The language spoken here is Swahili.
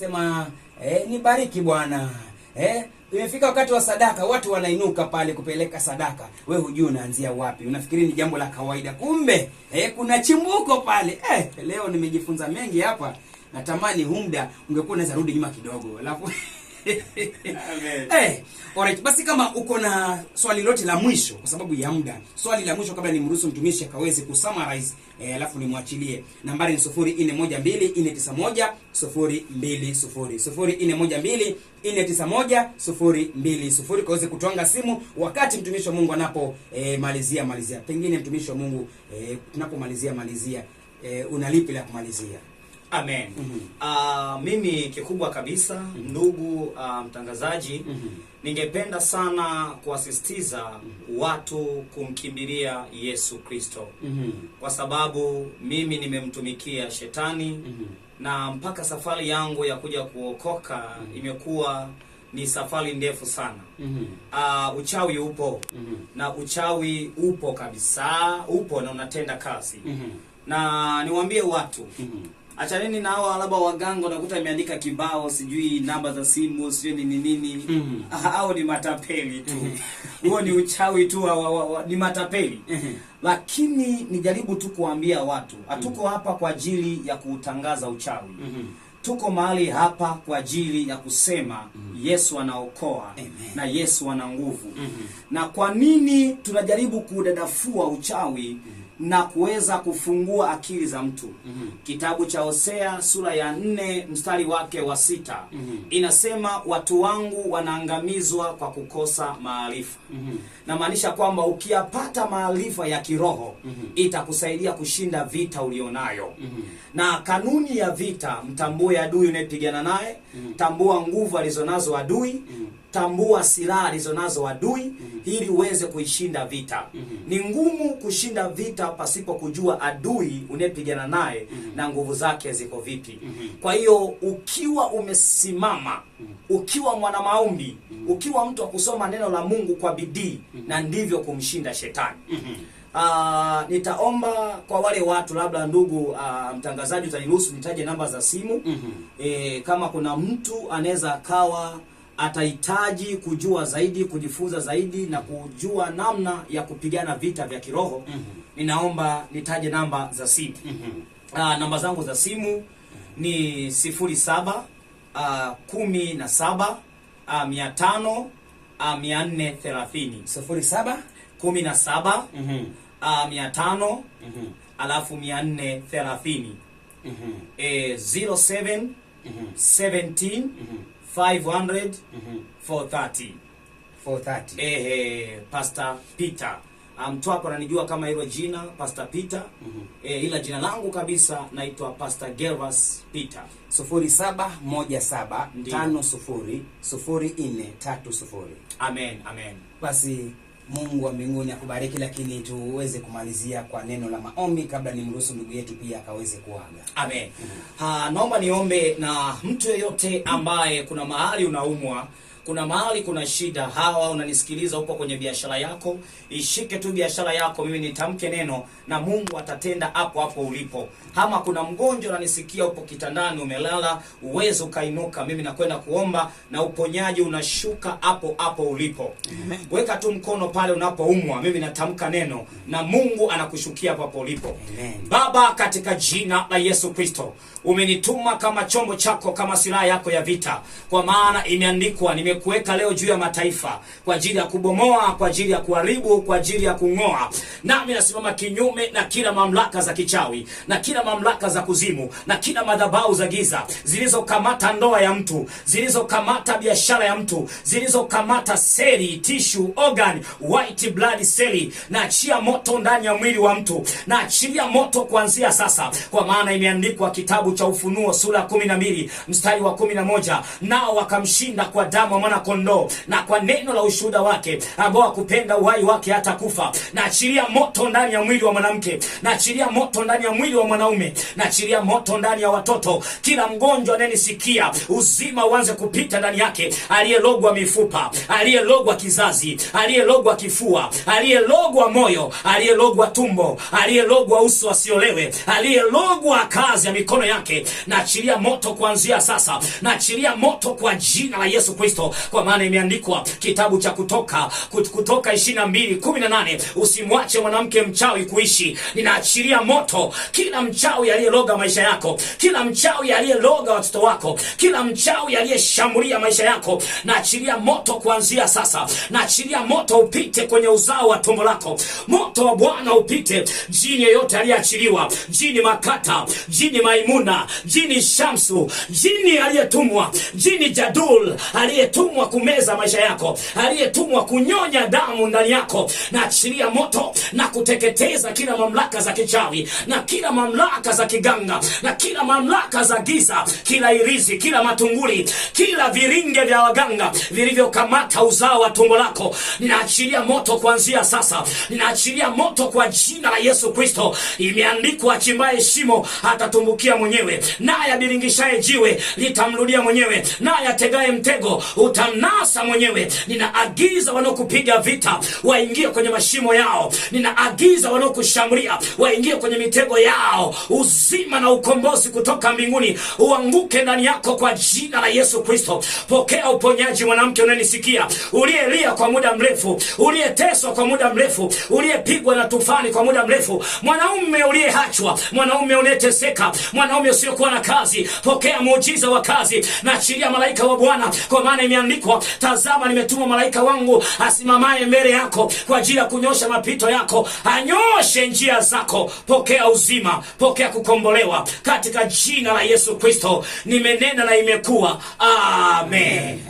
sema eh, nibariki Bwana eh, imefika wakati wa sadaka, watu wanainuka pale kupeleka sadaka, we hujui unaanzia wapi, unafikiri ni jambo la kawaida, kumbe eh, kuna chimbuko pale eh. Leo nimejifunza mengi hapa, natamani humda ungekuwa unaweza rudi nyuma kidogo alafu hey, alright. Basi kama uko na swali lote la mwisho, kwa sababu ya muda, swali la mwisho kabla nimruhusu mtumishi akaweze kusummarize, eh, alafu nimwachilie. Nambari ni 0412 491 290 0412 kaweze kutuanga simu wakati mtumishi wa Mungu anapo eh, malizia malizia, pengine mtumishi wa Mungu eh, tunapomalizia malizia eh, unalipi la kumalizia? Amen. mm -hmm. Uh, mimi kikubwa kabisa mm -hmm. ndugu uh, mtangazaji mm -hmm. ningependa sana kuwasisitiza mm -hmm. watu kumkimbilia Yesu Kristo mm -hmm. kwa sababu mimi nimemtumikia shetani mm -hmm. na mpaka safari yangu ya kuja kuokoka mm -hmm. imekuwa ni safari ndefu sana mm -hmm. uh, uchawi upo mm -hmm. na uchawi upo kabisa, upo na unatenda kazi mm -hmm. na niwaambie watu mm -hmm achaneni na hao labda waganga, unakuta imeandika kibao, sijui namba za simu, sijui ni nini mm -hmm. au ni matapeli tu mhm. huo ni uchawi tu wa, wa, wa, ni matapeli mhm. lakini nijaribu tu kuambia watu mhm. hatuko mm -hmm. hapa kwa ajili ya kuutangaza uchawi mm -hmm tuko mahali hapa kwa ajili ya kusema mm -hmm. Yesu anaokoa na Yesu ana nguvu mm -hmm. na kwa nini tunajaribu kudadafua uchawi mm -hmm na kuweza kufungua akili za mtu mm -hmm. Kitabu cha Hosea sura ya nne mstari wake wa sita mm -hmm. inasema watu wangu wanaangamizwa kwa kukosa maarifa mm -hmm. na maanisha kwamba ukiyapata maarifa ya kiroho mm -hmm. itakusaidia kushinda vita ulionayo mm -hmm. na kanuni ya vita, mtambue adui unayepigana naye mm -hmm. tambua nguvu alizonazo adui mm -hmm tambua silaha alizonazo adui mm -hmm. ili uweze kuishinda vita mm -hmm. Ni ngumu kushinda vita pasipo kujua adui unayepigana naye mm -hmm. na nguvu zake ziko vipi mm -hmm. Kwa hiyo ukiwa umesimama mm -hmm. ukiwa mwanamaombi mm -hmm. ukiwa mtu wa kusoma neno la Mungu kwa bidii mm -hmm. na ndivyo kumshinda shetani mm -hmm. Uh, nitaomba kwa wale watu labda ndugu uh, mtangazaji utaniruhusu nitaje namba za simu mm -hmm. E, kama kuna mtu anaweza akawa atahitaji kujua zaidi, kujifunza zaidi na kujua namna ya kupigana vita vya kiroho mm -hmm. Ninaomba nitaje namba za simu mm -hmm. namba zangu za simu ni sifuri saba ah, kumi na saba ah, mia tano mia nne thelathini sifuri saba kumi na saba mhm. mia tano mhm. alafu mia nne thelathini mhm. eh, zero seven seventeen 500 mm -hmm. 430 430 eh, eh, Pastor Peter ah, mtu um, wako ananijua kama hilo jina Pastor Peter mm -hmm. eh, ila jina langu kabisa naitwa Pastor Gervas Peter 0717500430 amen amen basi Mungu wa mbinguni akubariki, lakini tuweze kumalizia kwa neno la maombi kabla ni mruhusu ndugu yetu pia akaweze kuaga. Amen. Mm -hmm. Naomba niombe na mtu yeyote ambaye kuna mahali unaumwa kuna mahali kuna shida. Hawa unanisikiliza, upo kwenye biashara yako, ishike tu biashara yako. Mimi nitamke neno na Mungu atatenda hapo hapo ulipo. Ama kuna mgonjwa unanisikia, upo kitandani, umelala, uwezo ukainuka, mimi nakwenda kuomba na uponyaji unashuka hapo hapo ulipo. Amen. Weka tu mkono pale unapoumwa, mimi natamka neno na Mungu anakushukia hapo ulipo. Amen. Baba, katika jina la Yesu Kristo, umenituma kama chombo chako, kama silaha yako ya vita, kwa maana imeandikwa nime nimekuweka leo juu ya mataifa kwa ajili ya kubomoa, kwa ajili ya kuharibu, kwa ajili ya kung'oa. Nami nasimama kinyume na kila mamlaka za kichawi na kila mamlaka za kuzimu na kila madhabahu za giza zilizokamata ndoa ya mtu, zilizokamata biashara ya mtu, zilizokamata seli, tishu, organ, white blood seli. Naachia moto ndani ya mwili wa mtu, naachilia moto kuanzia sasa, kwa maana imeandikwa kitabu cha Ufunuo sura 12 mstari wa 11 nao wakamshinda kwa damu mwanakondoo na kwa neno la ushuhuda wake ambao akupenda uhai wake hata kufa. Naachilia moto ndani ya mwili wa mwanamke, naachilia moto ndani ya mwili wa mwanaume, naachilia moto ndani ya watoto. Kila mgonjwa anayenisikia, uzima uanze kupita ndani yake, aliyelogwa mifupa, aliyelogwa kizazi, aliyelogwa kifua, aliyelogwa moyo, aliyelogwa tumbo, aliyelogwa uso asiolewe, aliyelogwa kazi ya mikono yake, naachilia moto kuanzia sasa, naachilia moto kwa jina la Yesu Kristo kwa maana imeandikwa kitabu cha Kutoka Kutoka 22:18 usimwache mwanamke mchawi kuishi. Ninaachilia moto kila mchawi aliyeloga maisha yako, kila mchawi aliyeloga watoto wako, kila mchawi aliyeshambulia maisha yako, naachilia moto kuanzia sasa, naachilia moto upite kwenye uzao wa tumbo lako, moto wa Bwana upite. Jini yeyote aliyeachiliwa, jini Makata, jini Maimuna, jini Shamsu, jini aliyetumwa, jini Jadul aliyetumwa aliyetumwa kumeza maisha yako, aliyetumwa kunyonya damu ndani yako, na achilia moto na kuteketeza kila mamlaka za kichawi na kila mamlaka za kiganga na kila mamlaka za giza, kila irizi, kila matunguli, kila viringe vya waganga vilivyokamata uzao wa tumbo lako, ninaachilia moto kuanzia sasa, ninaachilia moto kwa jina la Yesu Kristo. Imeandikwa, achimbaye shimo atatumbukia mwenyewe, naye abiringishaye jiwe litamrudia mwenyewe, naye ategaye mtego utanasa mwenyewe. Ninaagiza wanaokupiga vita waingie kwenye mashimo yao, ninaagiza wanaokushambulia waingie kwenye mitego yao. Uzima na ukombozi kutoka mbinguni uanguke ndani yako kwa jina la Yesu Kristo. Pokea uponyaji, mwanamke unanisikia, uliyelia kwa muda mrefu, uliyeteswa kwa muda mrefu, uliyepigwa na tufani kwa muda mrefu, mwanaume uliyehachwa mwanaume uliyeteseka, mwanaume usiyokuwa na kazi, pokea muujiza wa kazi na achilia malaika wa Bwana, kwa maana imeandikwa, tazama, nimetuma malaika wangu asimamaye mbele yako kwa ajili ya kunyosha mapito yako, anyoshe njia zako. Pokea uzima, pokea kukombolewa katika jina la Yesu Kristo. Nimenena na imekuwa. Amen.